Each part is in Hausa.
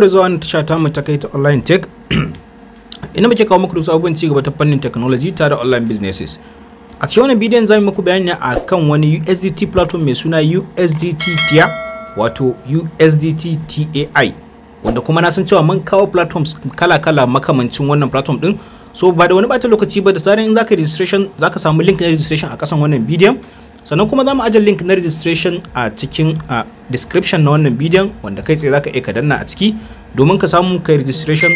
ku da zuwa wani tasha ta mu ta kai ta online tech ina muke kawo muku da abubuwan cigaba ta fannin technology tare da online businesses a cikin wannan bidiyon zamu muku bayani ne akan wani USDT platform mai suna USDT TIA wato USDT TAI wanda kuma na san cewa mun kawo platforms kala-kala makamancin wannan platform din so ba da wani bata lokaci ba da tsarin in zaka registration zaka samu link na registration a kasan wannan bidiyon sannan kuma za mu ajiye link na registration a cikin a description na wannan bidiyon wanda kai tsaye za ka iya ka danna a ciki domin ka samu kai registration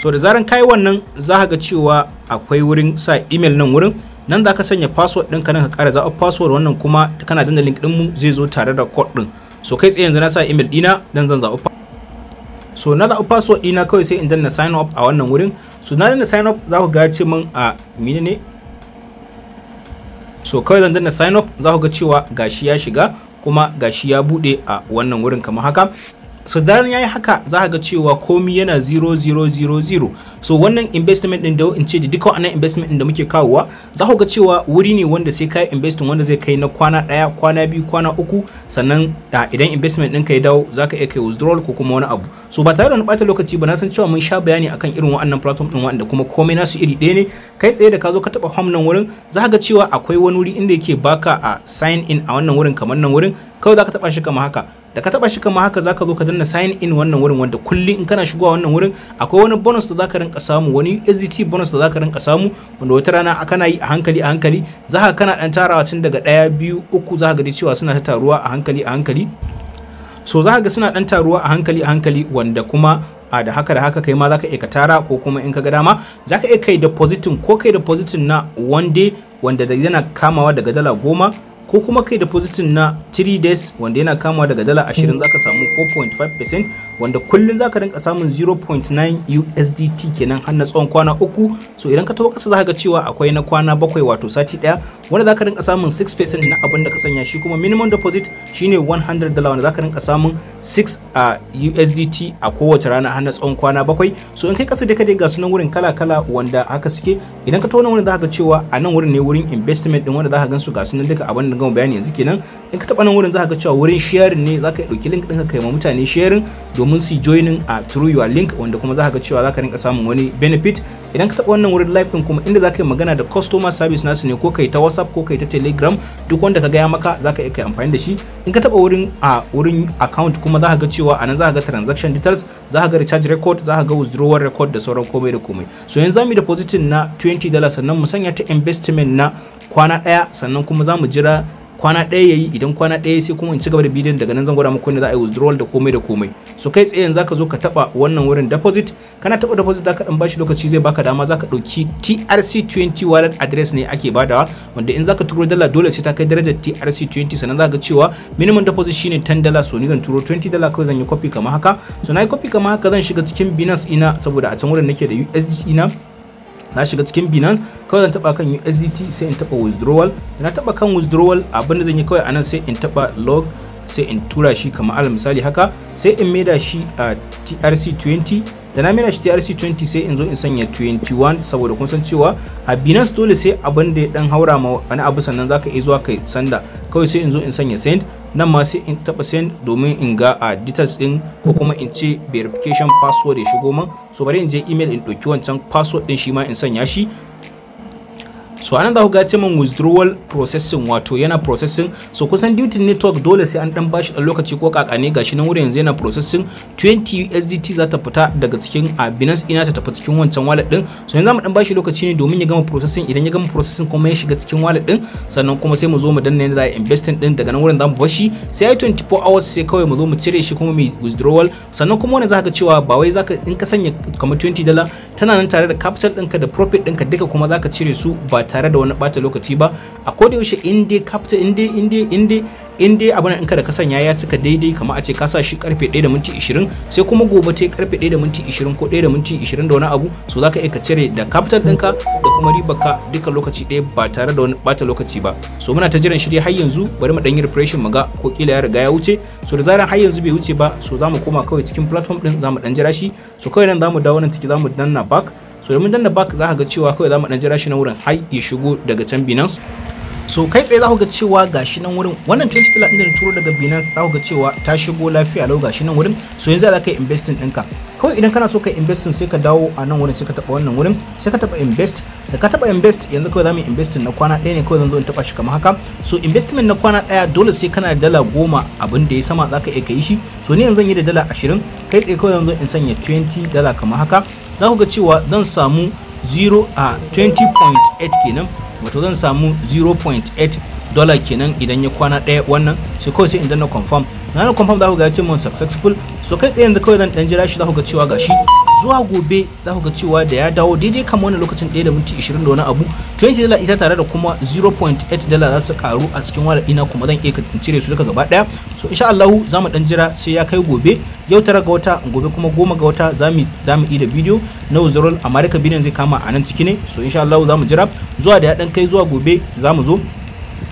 so da zaran kayi wannan za ka ga cewa akwai wurin sa email nan wurin nan za ka sanya password ɗinka nan ka ƙara zaɓar password wannan kuma kana danna link ɗin mu zai zo tare da code ɗin so kai tsaye yanzu na sa email ɗina dan zan zaɓi so na zaɓi password ɗina kawai sai in danna sign up a wannan wurin so na danna sign up za ku ga ce min a mine ne so kawai zan danna sign up za ku ga cewa gashi ya shiga kuma gashi ya bude a wannan wurin kamar haka so dan yi haka za ka ga cewa komi yana 0000 so wannan investment din da in ce da dukkan wannan investment din da muke kawowa za ku ga cewa wuri ne wanda sai kai investing wanda zai kai na kwana daya kwana biyu kwana uku sannan idan investment din ya dawo za ka iya kai withdrawal ko kuma wani abu so ba tare da bata lokaci ba na san cewa mun sha bayani akan irin wannan platform din wanda kuma komai su iri ɗaya ne kai tsaye da ka zo ka taba home nan wurin za ka ga cewa akwai wani wuri inda yake baka a sign in a wannan wurin kamar nan wurin kawai za ka taba shi kamar haka da ka taba shi kamar haka zaka zo ka danna sign in wannan wurin wanda kullum in kana shigowa wannan wurin akwai wani bonus da zaka rinka samu wani SDT bonus da zaka rinka samu wanda wata rana kana yi a hankali a hankali zaka kana dan tarawa tun daga ɗaya biyu uku zaka ga cewa suna ta taruwa a hankali a hankali so zaka ga suna dan taruwa a hankali a hankali wanda kuma a da haka da haka kai ma zaka iya ka tara ko kuma in ka ga dama zaka iya kai depositin ko kai depositin na one day wanda da yana kamawa daga dala goma ko kuma kai depositin na 3 days wanda yana kama daga dala 20 zaka samu 4.5% wanda kullun zaka rinka samun 0.9 USDT kenan har na tsawon kwana uku so idan ka tawo kasa zaka ga cewa akwai na kwana bakwai wato sati daya wanda zaka rinka samun 6% na abin da ka sanya shi kuma minimum deposit shine 100 dala wanda zaka rinka samun 6 a USDT a kowace rana har na tsawon kwana bakwai so in kai kasa da ka ga sunan wurin kala kala wanda haka suke idan ka tawo nan wurin zaka ga cewa a nan wurin ne wurin investment din wanda zaka gan su ga sunan duka abin na gama bayani yanzu kenan in ka taba nan wurin zaka ga cewa wurin sharing ne zaka dauki link ka kai ma mutane sharing domin su joining a ah, through your link wanda kuma zaka ga cewa zaka rinka samun wani benefit idan ka taba wannan wurin live din kuma inda zaka yi magana da customer service nasu ne ko kai ta WhatsApp ko kai ta Telegram duk wanda ka gaya maka zaka iya kai amfani da shi in ka taba wurin a ah, wurin account kuma zaka ga cewa anan zaka ga transaction details za ka ga recharge record za ka ga withdrawal record da sauran komai da komai so yanzu zamu deposit na 20 dollars sannan mu sanya ta investment na kwana daya sannan kuma za mu jira kwana ɗaya yayi idan kwana ɗaya sai kuma in ci gaba da bidiyon daga nan zan gwada muku ne za a yi withdrawal da komai da komai so kai tsaye yanzu zaka zo ka taba wannan wurin deposit kana taba deposit zaka dan bashi lokaci zai baka dama zaka dauki TRC20 wallet address ne ake badawa wanda in zaka turo dala dole sai ta kai darajar TRC20 sannan zaka cewa minimum deposit shine 10 dala so ni zan turo 20 dala kawai zan yi copy kamar haka so na yi copy kamar haka zan shiga cikin Binance ina saboda a can wurin nake da USD ina na shiga cikin binance kawai zan taba kan usdt sai in taba withdrawal na taba kan withdrawal abinda zan yi kawai anan sai in taba log sai in tura shi kamar alal misali haka sai in maida shi a trc20 da na maida shi trc20 sai in zo in sanya 21 saboda kun san cewa a binance dole sai abin da ya dan haura ma wani abu sannan zaka iya zuwa kai sanda kawai sai in zo in sanya send nan ma sai in taba send domin in ga a ah, details din ko kuma in ce verification password ya shigo man so bari in je email in ɗauki wancan password din shi ma in sanya shi so anan za ku ga cewa withdrawal processing wato yana processing so kusan duty network dole sai an dan bashi dan lokaci ko kakane gashi nan wurin yanzu yana processing 20 USDT za ta fita daga cikin a ah, Binance ina ta tafi cikin wancan wallet din so yanzu mu dan bashi lokaci ne domin ya gama processing idan ya gama processing kuma ya shiga cikin wallet din sannan kuma sai mu zo mu danna yanda za a investing din daga nan wurin za mu sai 24 hours sai kawai mu zo mu cire shi kuma mu withdrawal sannan kuma wannan zaka cewa ba wai zaka in ka sanya kamar 20 dala tana nan tare da capital ɗinka da profit ɗinka duka kuma zaka cire su ba tare da wani bata lokaci ba a koda yaushe in dai kafta in dai in dai in dai in dai abin in ka da ka sanya ya cika daidai kamar a ce ka sa shi karfe 1 da minti 20 sai kuma gobe ta karfe 1 da minti 20 ko 1 da minti 20 da wani abu so zaka iya ka cire da capital ɗinka da kuma ribarka duka lokaci ɗaya ba tare da wani bata lokaci ba so muna ta jiran shirye har yanzu bari mu dan refreshing mu ga ko kila ya riga ya wuce so da zaran har yanzu bai wuce ba so zamu koma kawai cikin platform din zamu dan jira shi so kawai nan mu dawo nan ciki zamu danna back so domin danna back za ka ga cewa kawai za mu dan jira shi na wurin hai ya shigo daga can binance so kai tsaye za ku ga cewa gashi nan wurin wannan 2030 din turo daga Binance za ku ga cewa ta shigo lafiya lau gashi nan wurin so yanzu za ka yi investing ɗinka kawai idan kana so ka investing sai ka dawo a nan wurin sai ka taba wannan wurin sai ka taba invest da ka taba invest yanzu kawai za mu investing na kwana ɗaya ne kawai zan zo in taba shi kamar haka so investment na kwana ɗaya dole sai kana da dala goma abin da ya sama za ka iya kai shi so ni yanzu zan yi da dala ashirin kai tsaye kawai zan zo in sanya 20 dala kamar haka za ku ga cewa zan samu 0 a 20.8 kenan wato zan samu 0.8 dollar kenan idan ya kwana ɗaya wannan shi kawai sai in danna confirm na na confirm za ku ga ce mun successful so kai tsaye da kawai zan dan jira shi za ku ga cewa gashi zuwa gobe za ku ga cewa da ya dawo daidai kamar wani lokacin 1 da minti 20 da wani abu 20 dala ita tare da kuma 0.8 dala za su karu a cikin wallet ina kuma zan iya cire su duka gaba daya so insha Allah za mu dan jira sai ya kai gobe yau tara ga wata gobe kuma goma ga wata za mu yi da bidiyo na wuzurul america biliyan zai kama a nan ciki ne so insha Allah za mu jira zuwa da ya dan kai zuwa gobe za mu zo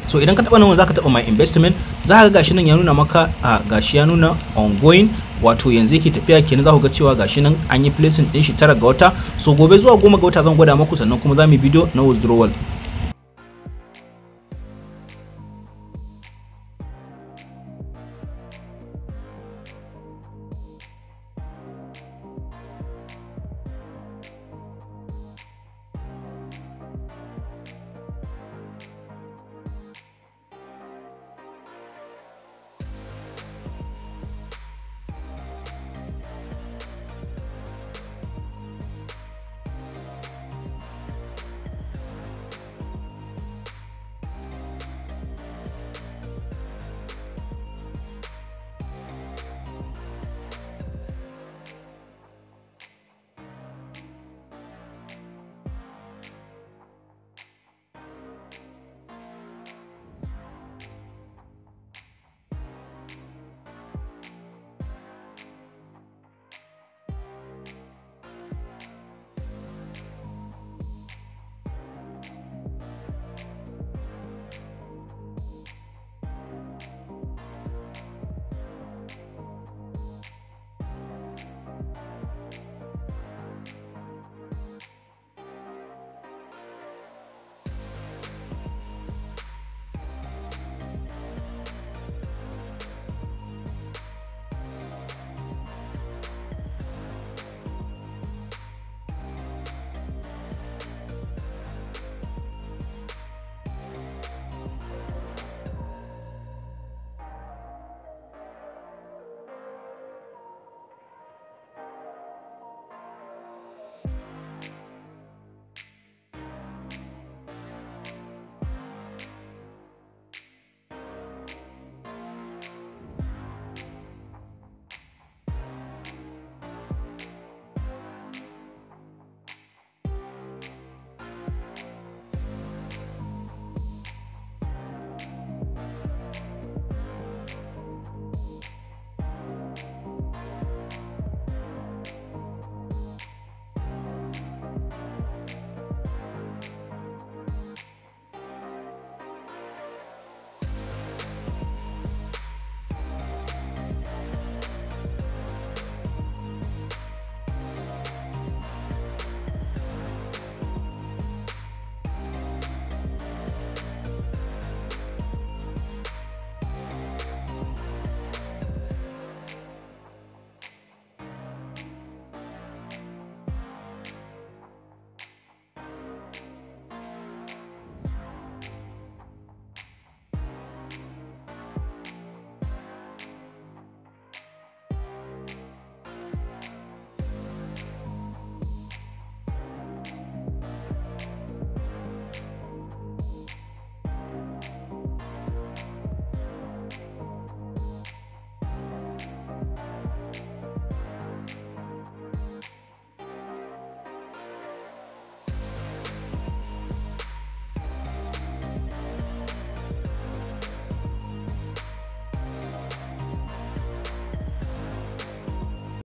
so idan ka taba nan zaka taba my investment za ga gashi nan ya nuna maka a gashi ya nuna ongoing wato yanzu yake tafiya kenan za ku ga cewa gashi nan an yi placing din shi tara ga wata so gobe zuwa goma ga wata zan gwada muku sannan kuma za mu bidiyo na withdrawal